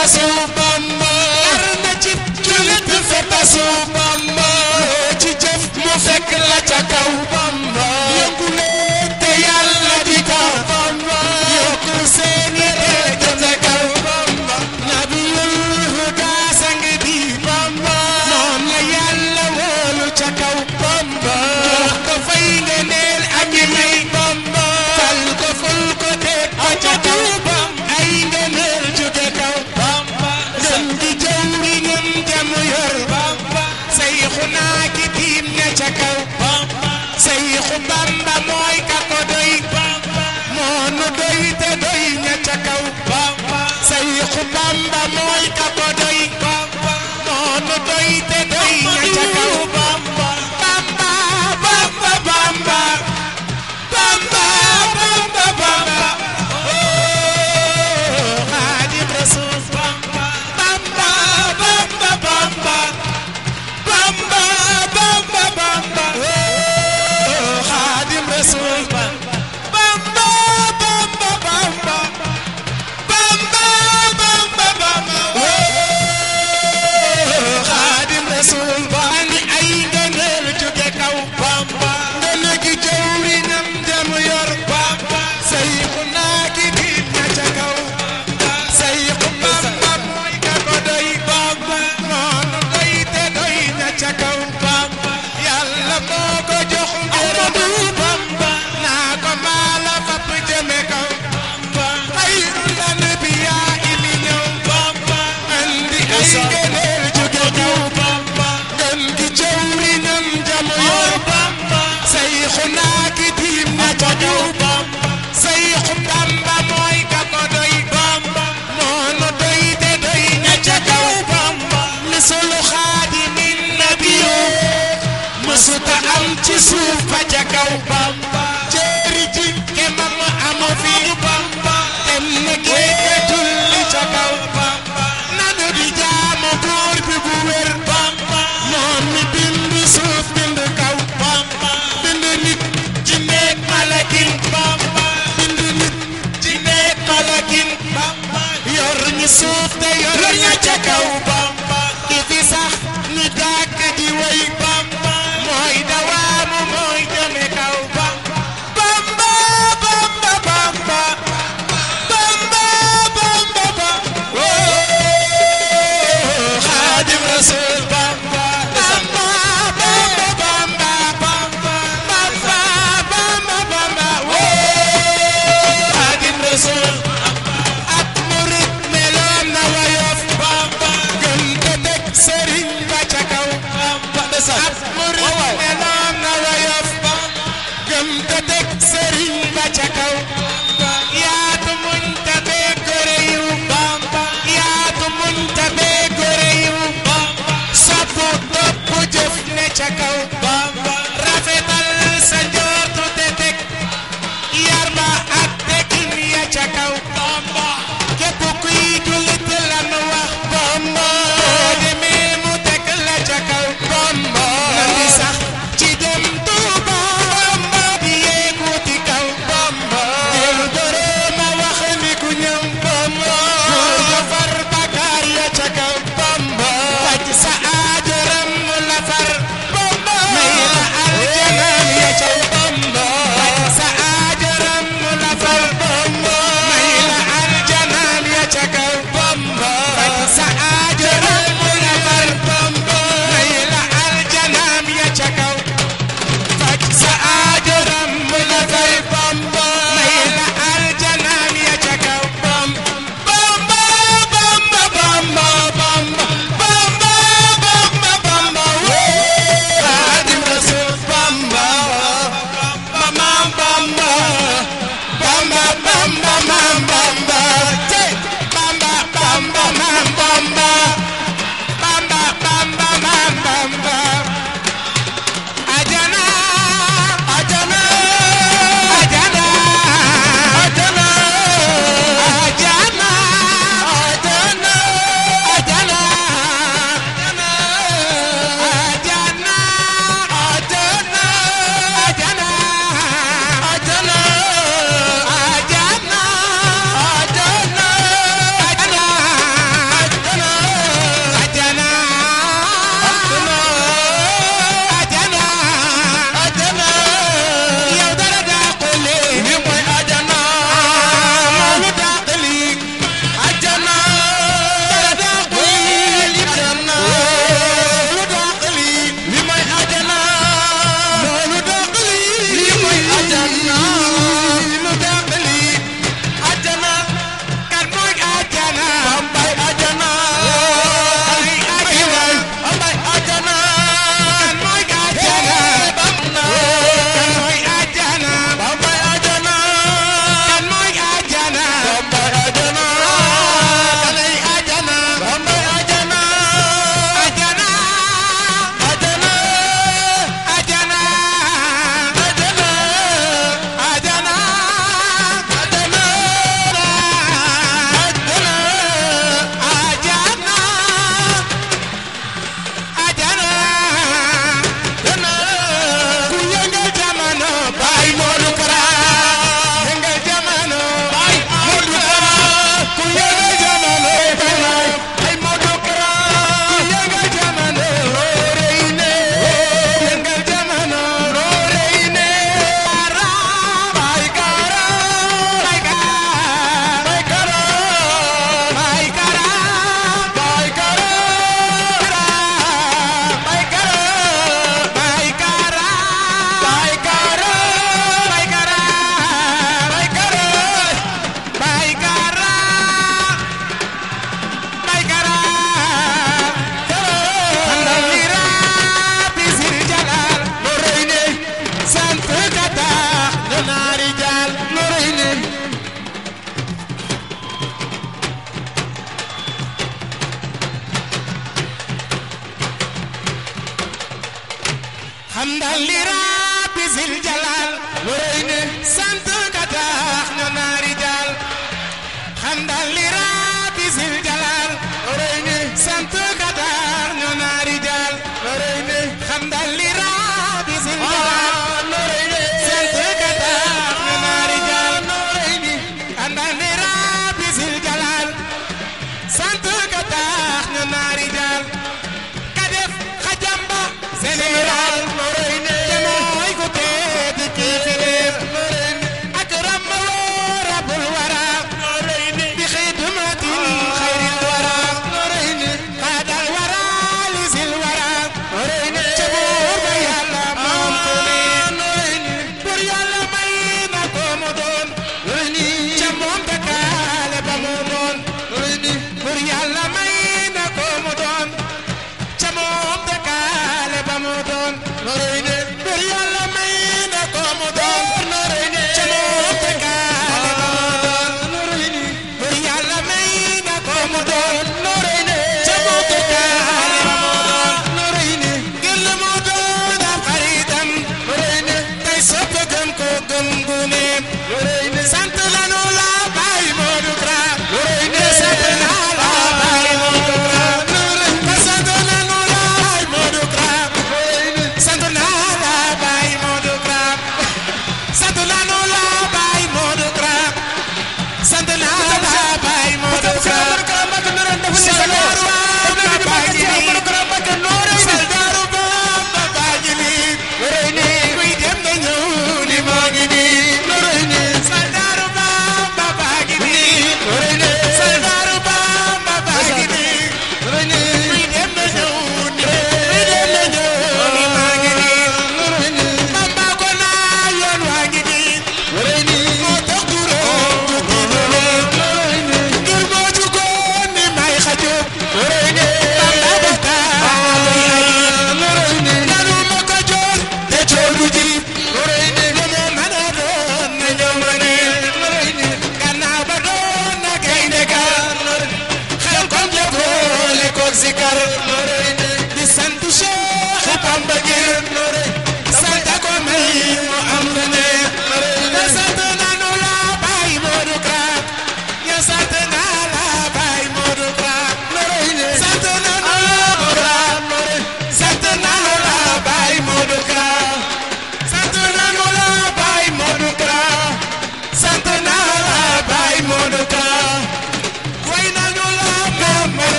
tasu Bamba yar na ci jullit fa tasu Bamba ci jëf mu fekk la ca kaw Cheikh Bamba mooy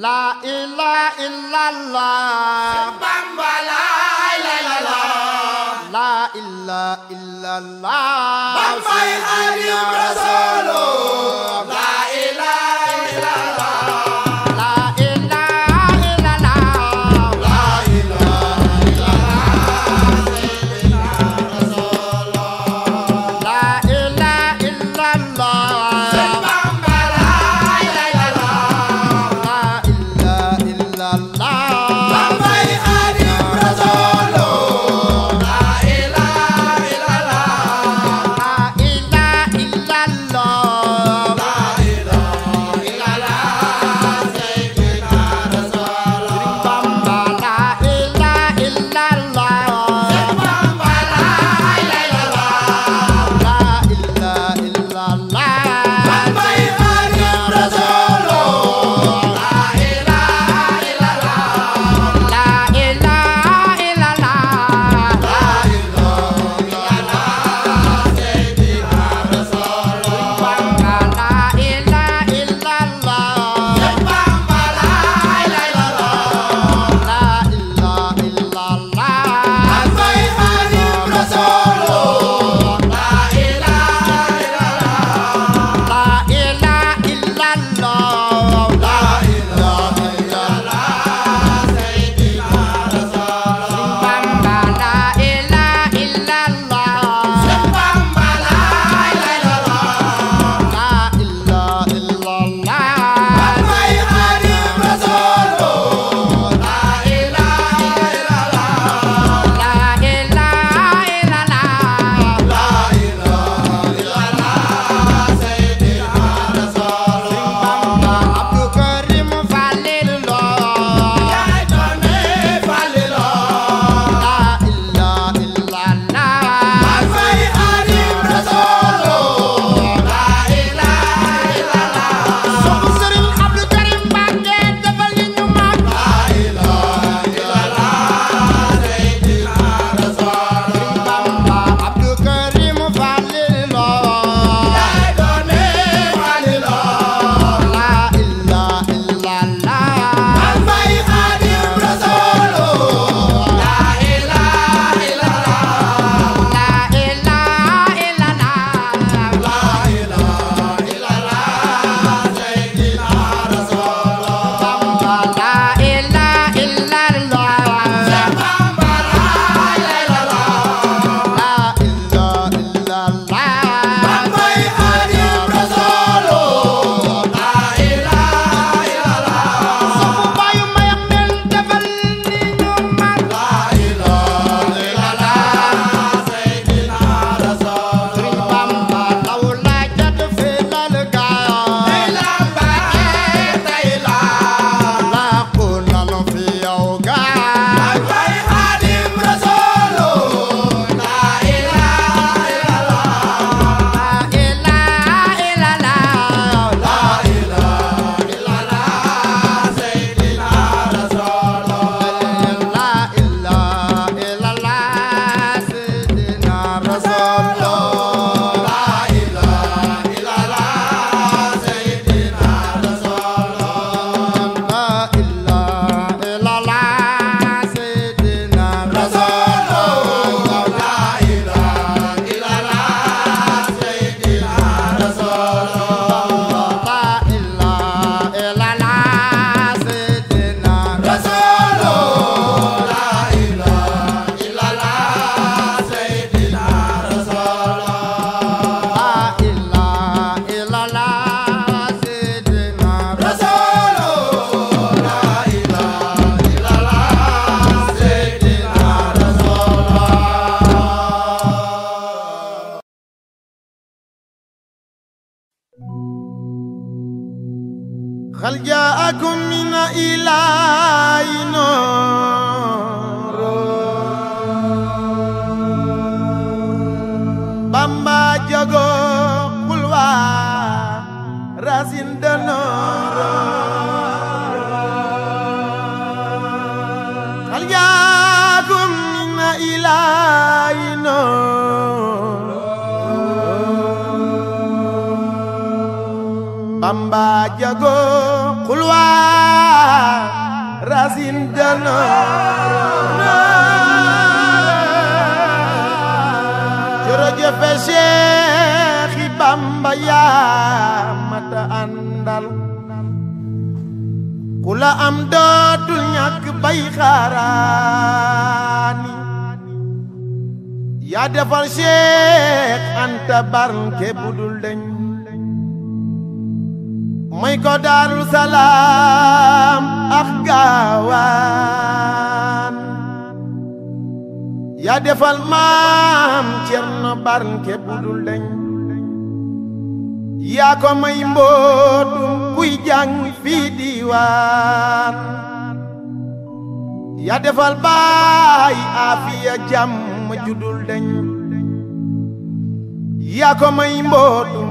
La ilaha illallah. Bamba la ilaha illallah. La ilaha illallah. Bamba maam Cerno i budul deñ yaa ko may mbootum kuy defal baay aafiya jàmm judul deñ yaa ko may mbootum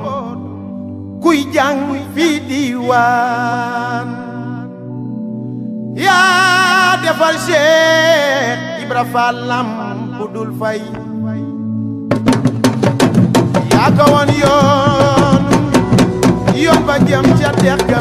kuy jàng fii diiwaan yaa defal Cheikh Ibra Fall lam budul fay yaa ko woon yoon yomba jëm ca dex ga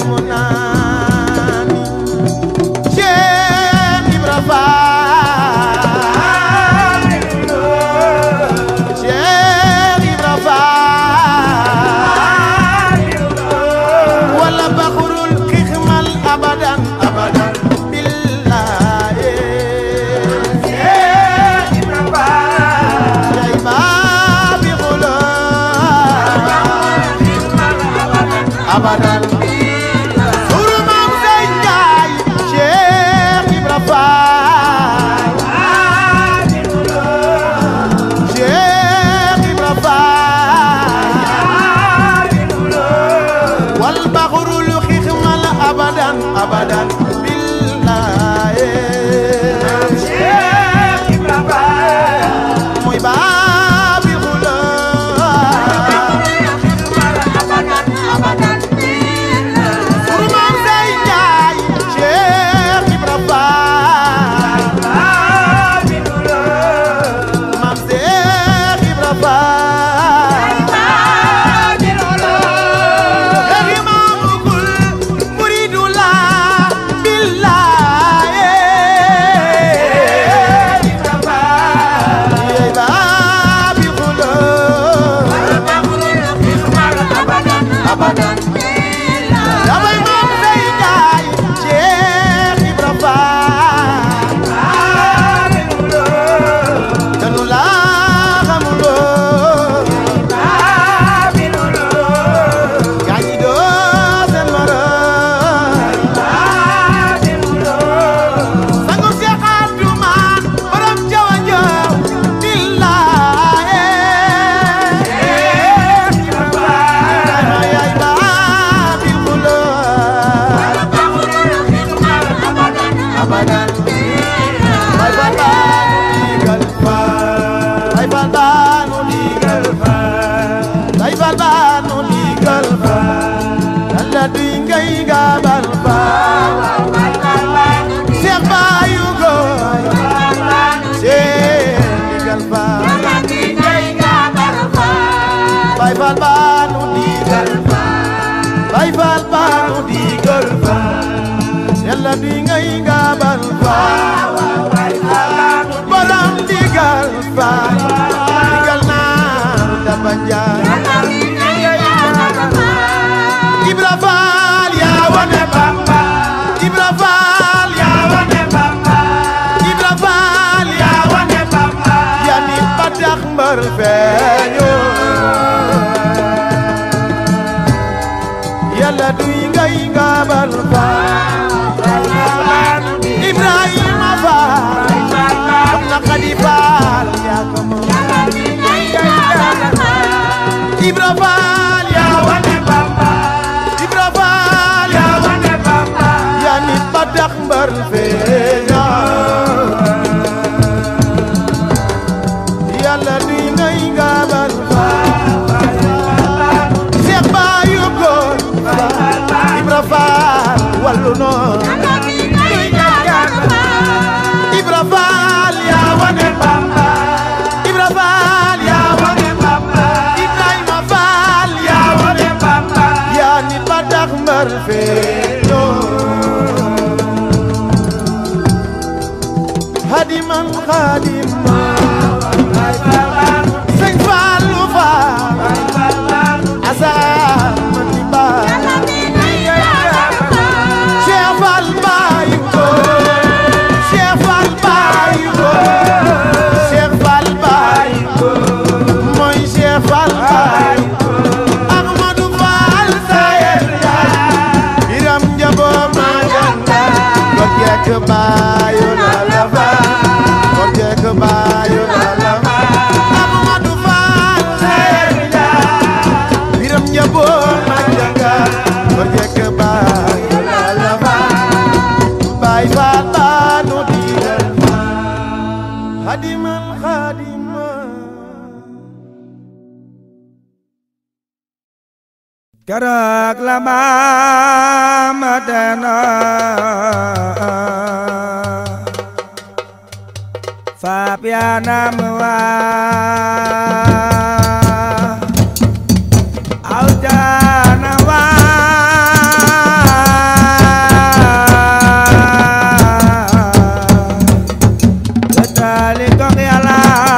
sali kong yàlla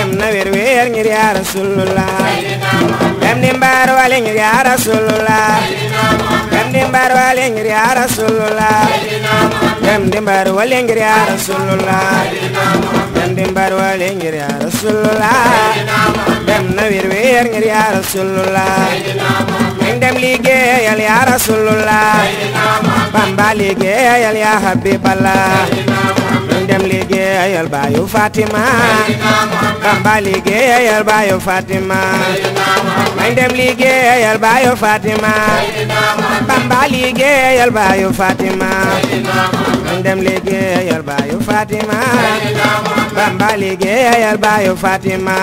dem na wér wér ngir yaa rasulullah dem di mbaar wale ngir yaa rasulullah dem di mbaar wale ngir yaa rasulullah dem di mbaar wale ngir yaa rasulullah dem di mbaar wale ngir yaa rasulullah dem na wér wér ngir yaa rasulullah nañ dem liggéeyal yaa rasulullah bamba liggéeyal yaa habiballah dem liggéeyal baayu Fatima Bamba liggéeyal baayu Fatima nañ dem liggéeyal baayu Fatima Bamba liggéeyal baayu Fatima nañ dem liggéeyal baayu Fatima Bamba liggéeyal baayu Fatima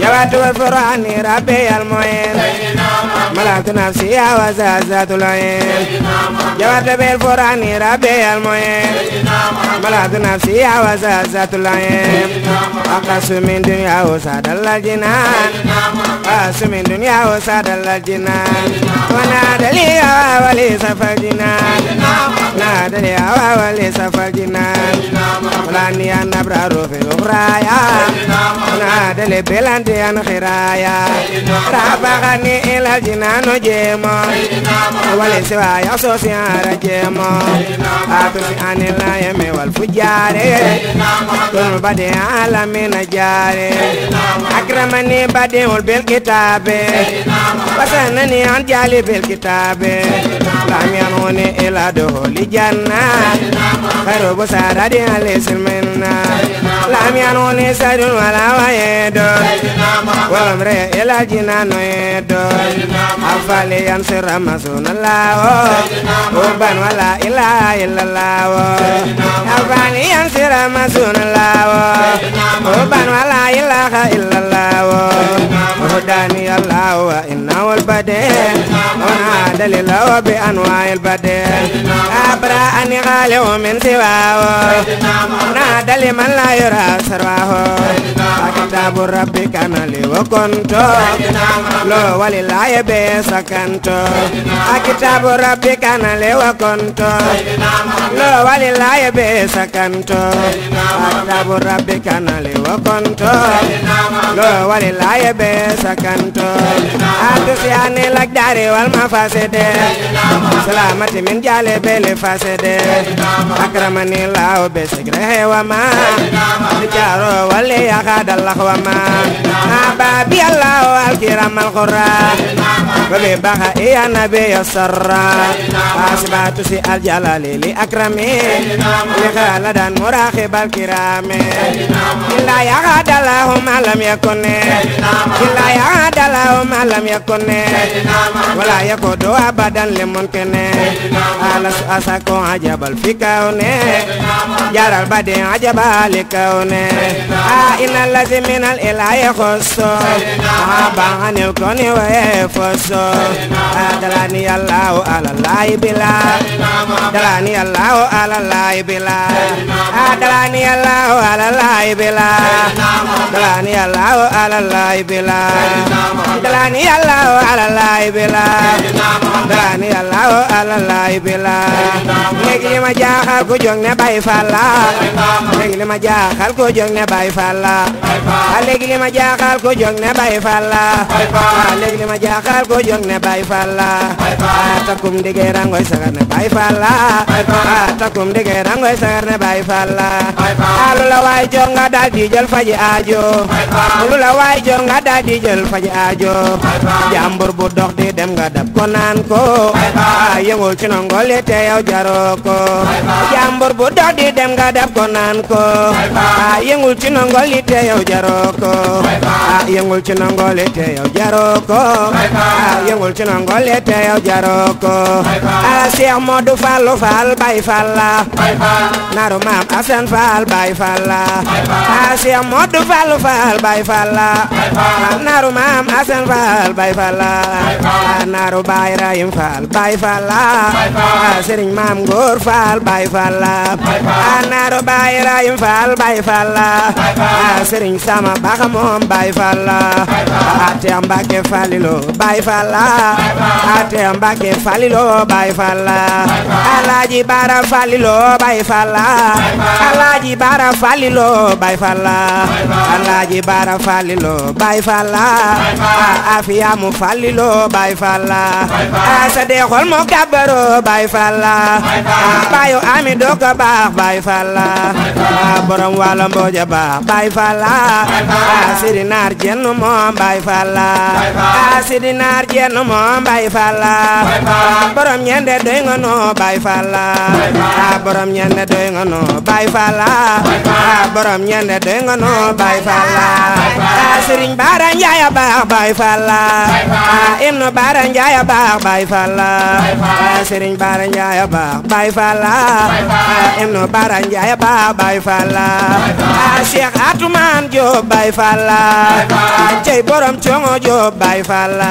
jawaatul furani rabbiyal muin malaktu nafsiya wa zazatul ain jawaatul furani rabbiyal muin malaktu nafsiya wa zazatul ain aqasu min dunya wa sadal jinan aqasu min dunya wa sadal jinan wa nadali wa wali safal jinan nadali واو ليس فالجنان ولاني أنا برارو في الغرايا نادل بلاندي أنا خرايا رافقني alal dina nu jéema wala si waa ya soo si ara jéema a tu si ani la yeme wal fu jaare tunu bade ala mina jaare akramani bade wal bil kitaabe wasanani an jaali bil kitaabe lam yanuni ila duhuli janna karobu saradi alisilminna lam yanuni sadun wala wayedo walamre ilajinanoyedo afali yansira masunalawo uban wala ilaha illalawo afali yansira masunalawo uban wala ilaha illalawo هداني الله وإنه البديل ونادى لله بأنواع البديل أبرأ أني غالي من سواه نادى لمن لا يرى سرواه kitabu rabbi kana li wakonto lo walilaye be sakanto a kitabu rabbi kana li wakonto lo walilaye be sakanto a kitabu rabbi kana li wakonto lo walilaye be sakanto atusiani lakdari wal mafaside salamati min jale bele faside akramani lao be sigrehe wama Jaro wale ya kadallah وما بابي الله الكرام الغراء وببها يا نبي السرى فاسبات سي الجلال لأكرم لخالدا مراقب الكرام إلا يعاد له ما لم يكن إلا يعاد له ما لم يكن ولا يكود أبدا لممكن على أساكو عجب الفكون جرى البديع عجبا لكونه آه إن الذي من الإله خصو أحب عن الكون ويفصو دلاني الله على الله بلا دلاني الله على الله بلا دلاني الله على الله بلا دلاني الله على الله بلا دلاني الله على الله بلا dalaani yàllaawo alalaay bila léegi li ma jaaxal ku jóg ne bay fàlla léegi li ma jaaxal ku jóg ne bay fàlla waa léegi li ma ko jóg ne bay fal la waa léegi li ma jaaxal ko ne bay fal la waa takkum digee rangoy sagar sagar ne bay fal la waa lu la waay jóg nga daal di jël faji aajo lu la waay jóg nga daal di jël faji aajo jàmbur bu dox di dem nga dab ko naan ko waa yëngul ci nongol yi te yow jaroo bu dox di dem nga dab ko naan ko waa yëngul ci nongol yi te jaroo ko ah yëngul ci nangole te yow jaroo ko ah yëngul ci nangole te yow jaroo ko ah Seex Moodu Fallu Fall Baay Fall la naru maam Asan Fall Baay Fall la ah Seex Moodu Fallu Fall Baay Fall la naru maam Asan Fall Baay Fall la ah, naru Baay Rahim Fall Baay Fall la ah, Sëriñ Maam Góor Fall Baay Fall la ah, naru Baay Rahim Fall Baay Fall la Sëriñ sama baxa moom Baay Faal la ate Mbàkke Falilo Baay Faal la Bara Falilo Baay Faal la Alaaji Bara Falilo Baay Faal la Alaaji Bara Falilo Baay Faal la afiyamu Falilo Baay Faal la asade xol mo gabaro Baay Faal la bayo ami doka baax Baay Faal la borom wala mboja baax Baay Faal a sidi naar jenn moom bay falla a sidi naar jenn moom bay falla a borom ñende doy nga noo bay falla a borom ñende doy nga noo bay falla a a baax bay falla a imnu baara a baax bay falla a sëriñ baara njaay a baax a imnu baara jo bay falla cey borom congo jo bay falla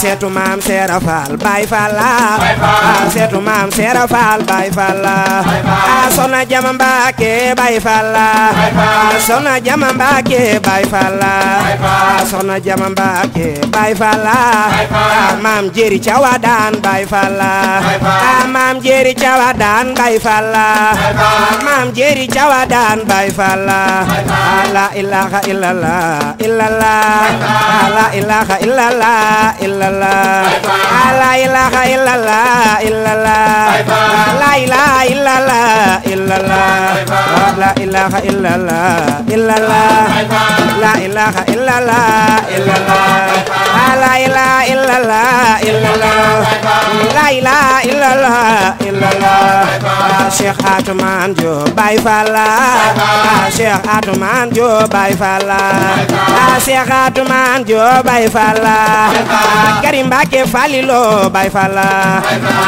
seetu maam seera faal bay falla seetu maam seera faal bay falla sona jama mbaake bay falla sona jama mbaake bay falla sona jama mbaake bay falla maam jeri cawa daan bay falla maam jeri cawa daan bay falla maam jeri cawa daan bay falla ala ilaha illallah illallah la ilaha illallah illallah la ilaha illallah illallah la ilaha illallah illallah la ilaha illallah illallah la ilaha illallah illallah la ilaha illallah illallah la ilaha illallah illallah Cheikh Atoumane Diop Baye Fall Cheikh Atoumane Diop joo bay falla a Cheikh Atumaan joo bay falla a Karim Mbàkke Faliloo bay falla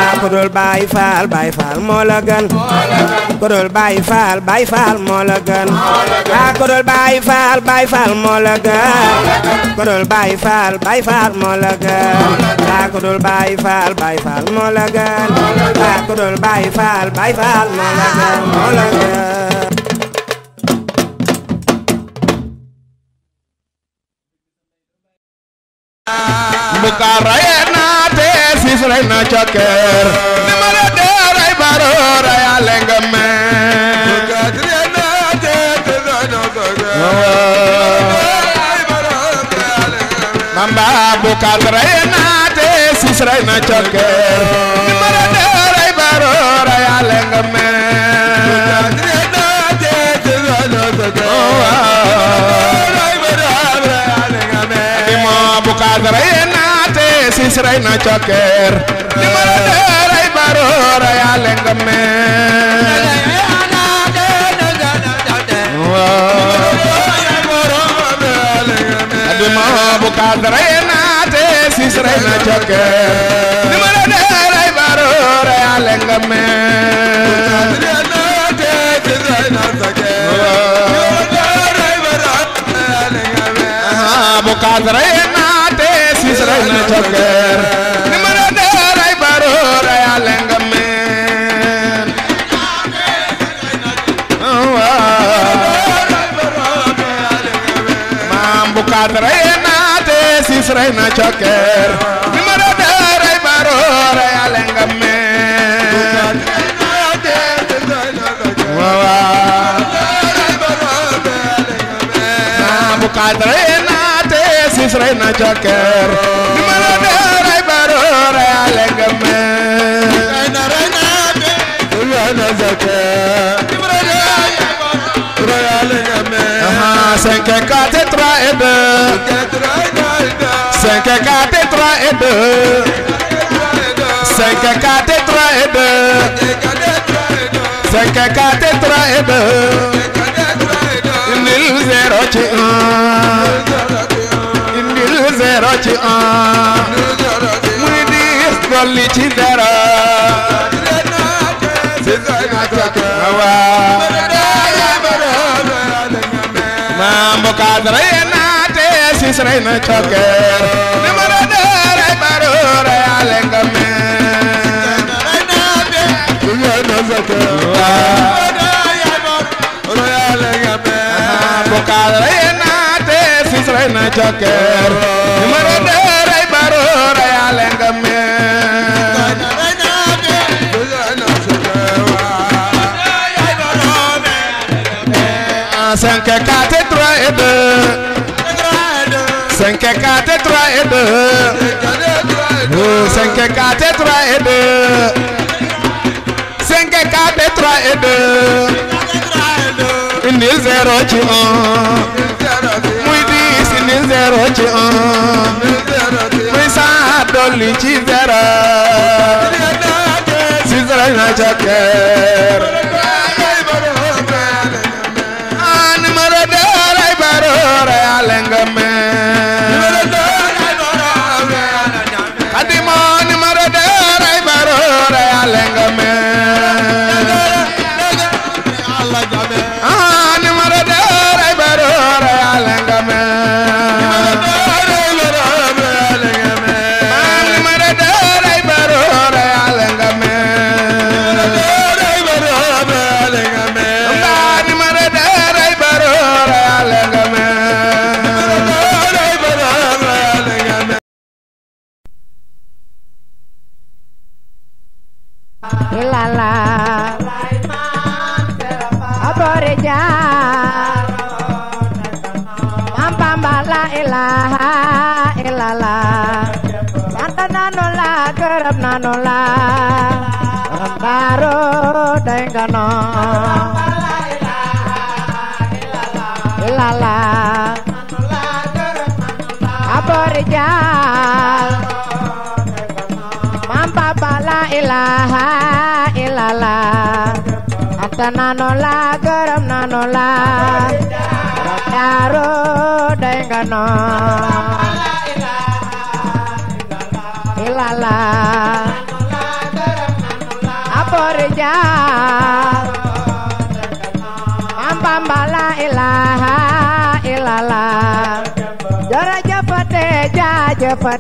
a kudul bay fall bay fall moo la gën kudul bay fall bay fall moo la gën a kudul bay fall bay fall moo la gën kudul bay fall bay fall moo la gën a kudul bay fall bay fall moo la gën a kudul bay fall bay fall moo la gën moo la gën bukaaraye naa te siis rey na cokkeer ni ma la dee rey baroo rey a leng mee bukaaraye naa te siis rey na cokkeer mamba bukaaraye naa te siis rey na cokkeer siis rey na cokkeer ni ma la dee rey baroo reyaale nga mee rey naa te siis rey na cokkeer ni ma la dee rey baroo reyaale nga mee reyna cokkeer mi ma roode rey ma roore ale nga meen waawaa naa bu kaat reyna teesis reyna cokkeer mi ma roode rey 5 et 4 et 3 et 2 5 et 4 et 3 et 2 5 et 4 et 3 et 2 indil 0 ci 1 indil 0 ci 1 muy diis dolli ci dara maa mbokk dara yéen Israel choker nimara dere barore alengame Dunya nazaka Bukalena tes Israel choker nimara dere barore alengame Cinq, quatre, trois et deux. 5 4 3 et 2 5 4 3 et 2 5 4 3 et 2 indi 0 ci 1 muy 10 indi 0 ci 1 muy 100 dolli ci 0 si 0 na ca kër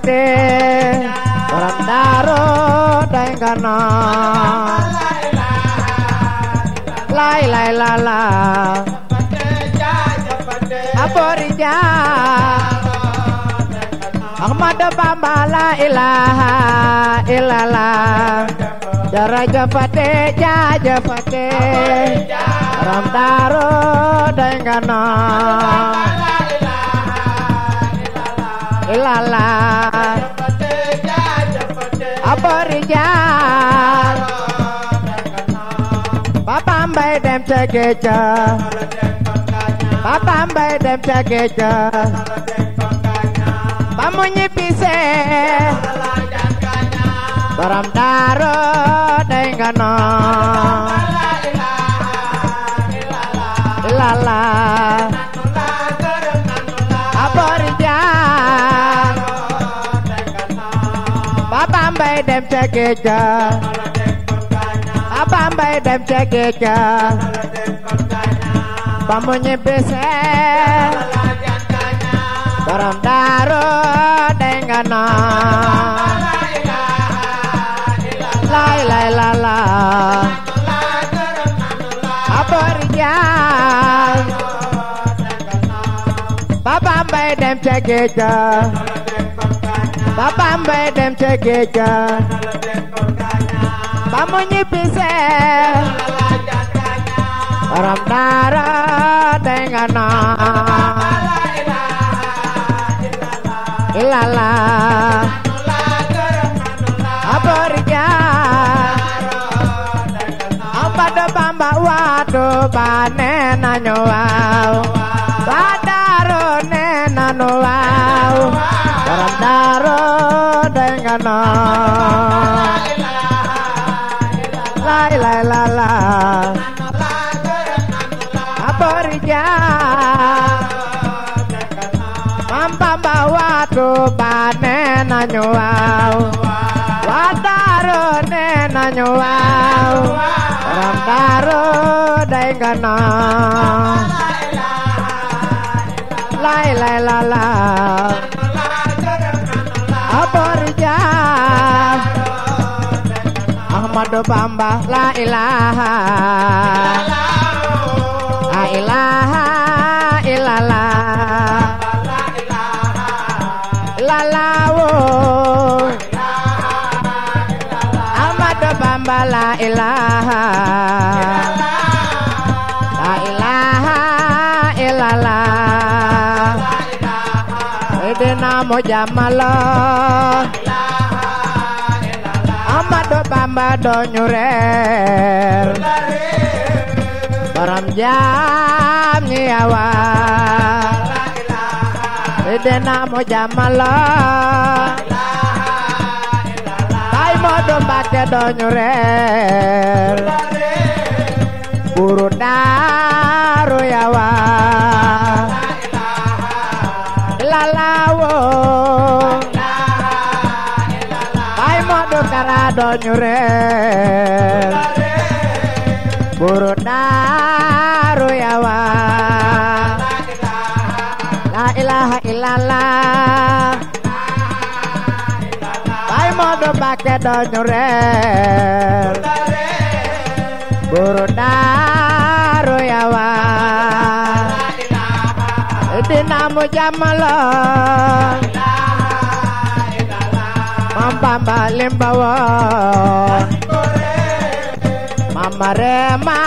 gede ora ndaro daengkana lai lai la la aborija Ahmad Bamba la ilaha illallah Jara jafate ja jafate Ram daro dengana lala abori jaar papa mbay dem ca géej papa mbay dem ca géej ba mu ñibbisee borom daaro day nga noon dem ca géej ga a bambay dem ca géej ga ba mu ñibbisee borom daaru day nga naan lay lay la la a boori jaal ba bambay dem ca géej ga ba Bambey dem ca géej ba mu ñibbisee borom daara dey nga noo ilala aborija ambado Bamba waatu ba nee nañu waaw ba daaro nee nañu waaw lana la la la la aborija mambamba watu banena nyuwao wataro nena nyuwao ramdaro daingana la la la la Ahmadu Bamba la ilaha la ilaha illallah la lawo Ahmadu Bamba la ilaha la ilaha illallah Edena mojamalo Bamba dooñu reer borom jaam ñi awar te dena mo jamala bay Moodu Mbàkke dooñu reer buru daaru yawar dañu reer buru daaru yawa la ilaha illallah bay Moodu Mbàkke dañu reer buru daaru yawa dina mu jàmmaloon Bamba limba woon Mama Rema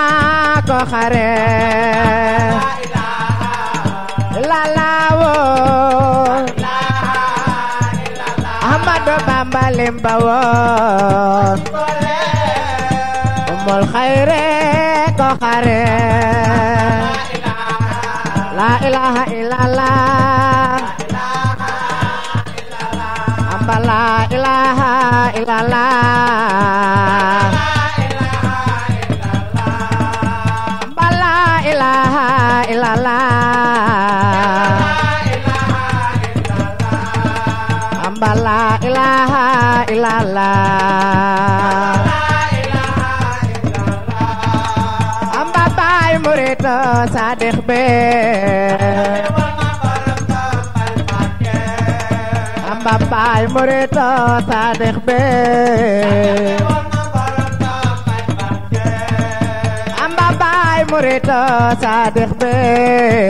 ko xare lala woon Ahmadu Bamba limba woon Umul Khayre ko xare la ilaha illallah bamba la ilaha illallah bamba la ilaha illallah bamba la ilaha illallah amba baay murit sadiq be baay murito saadix bee amba baay murito saadix bee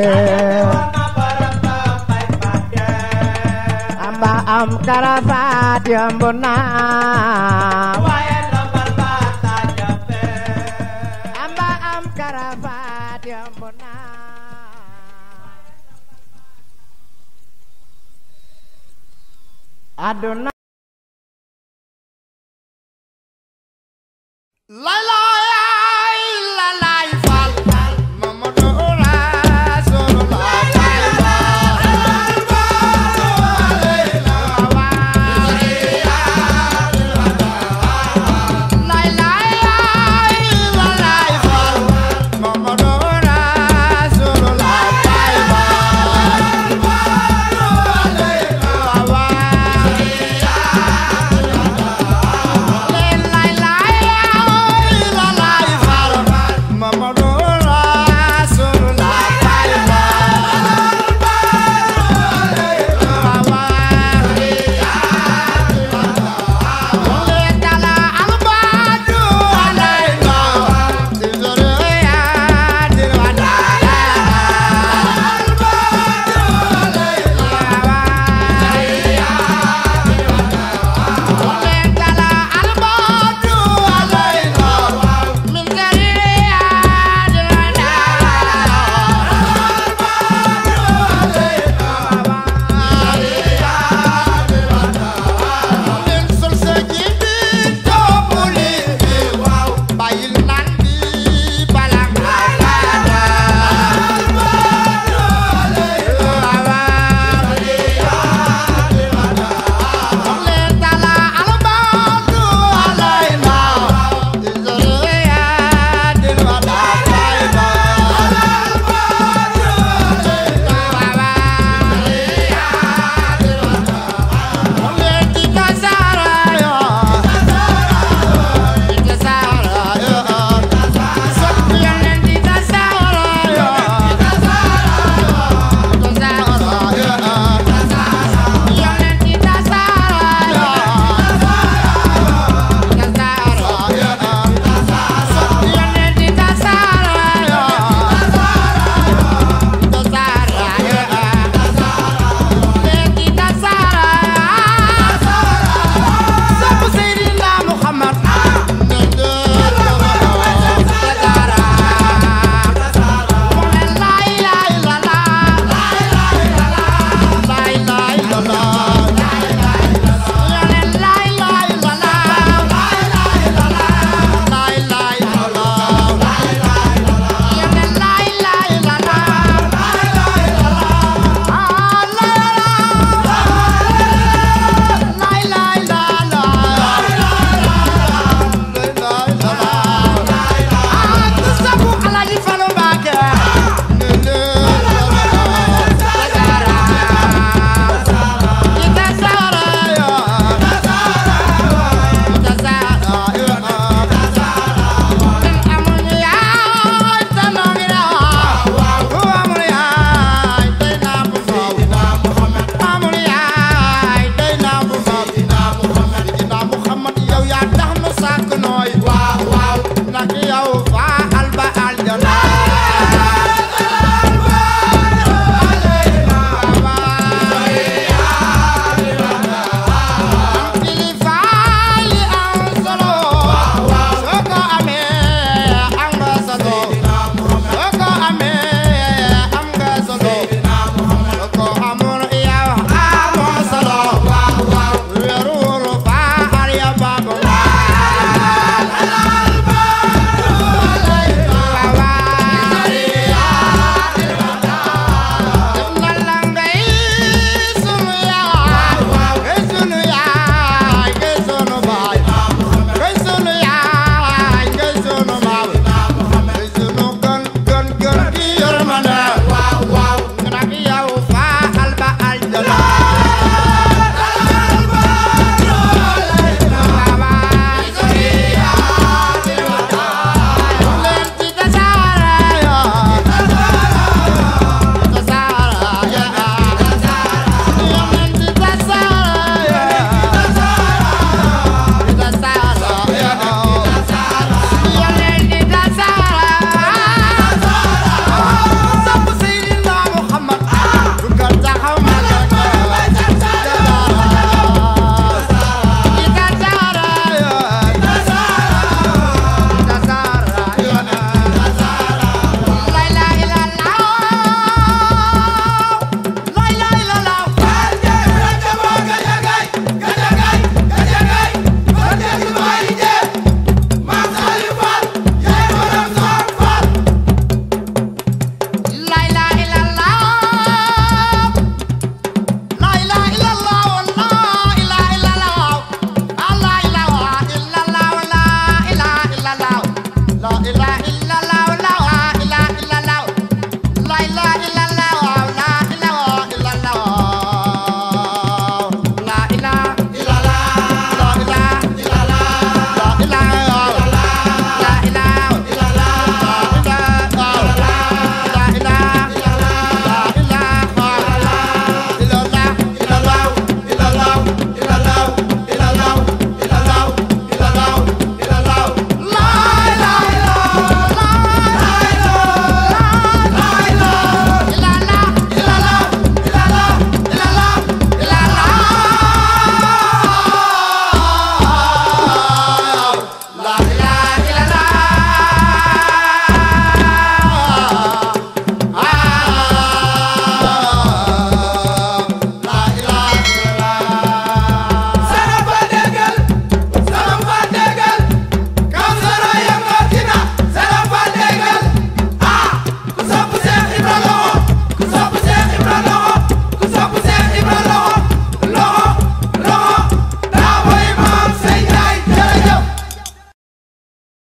amba am karafaat yomb naa Adonai. Lila!